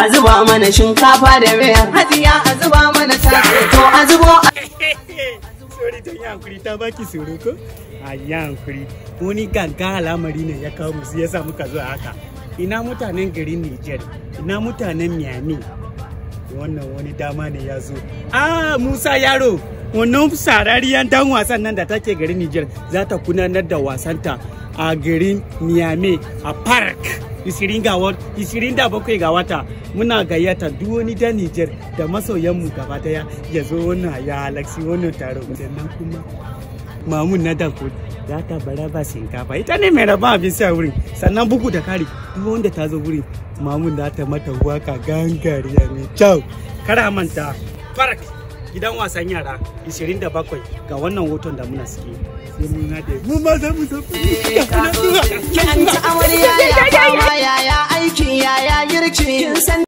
a zuba mana shinkafa da miyar hajiya a zuba mana sake to a zubo sorry don yi hankuri ta baki tsoro ko a yi hankuri wani gaggawa lamari ne ya kawo musu ya samu ka zuwa haka ina mutanen garin niger ina mutanen miami wannan wani dama ne ya zo ah musa yaro wannan sarariyar dan wasan nan da take garin niger za ta kunanar da wasanta a garin miami a park ishirin ga ishirin da bakwai ga wata muna gayyata duk wani da Nijar da masoyanmu gaba daya ya zo wannan ya halarci wannan taro. sannan kuma mamun na dako, za ta baraba shinkafa ita ne mai raba abin sai wurin sannan bugu da kari duk wanda ta zo wurin mamun za ta mata waka gangariya mai kyau kara manta farak gidan wasan yara 27 ga wannan hoton da muna suke mu ma za mu eh, amarya